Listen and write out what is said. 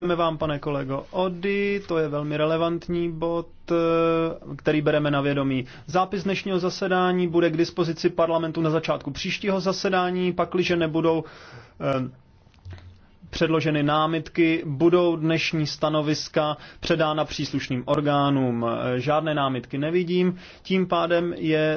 Děkujeme vám, pane kolego Ody, to je velmi relevantní bod, eh, který bereme na vědomí. Zápis dnešního zasedání bude k dispozici parlamentu na začátku příštího zasedání, pakliže nebudou eh, předloženy námitky, budou dnešní stanoviska předána příslušným orgánům. Eh, žádné námitky nevidím, tím pádem je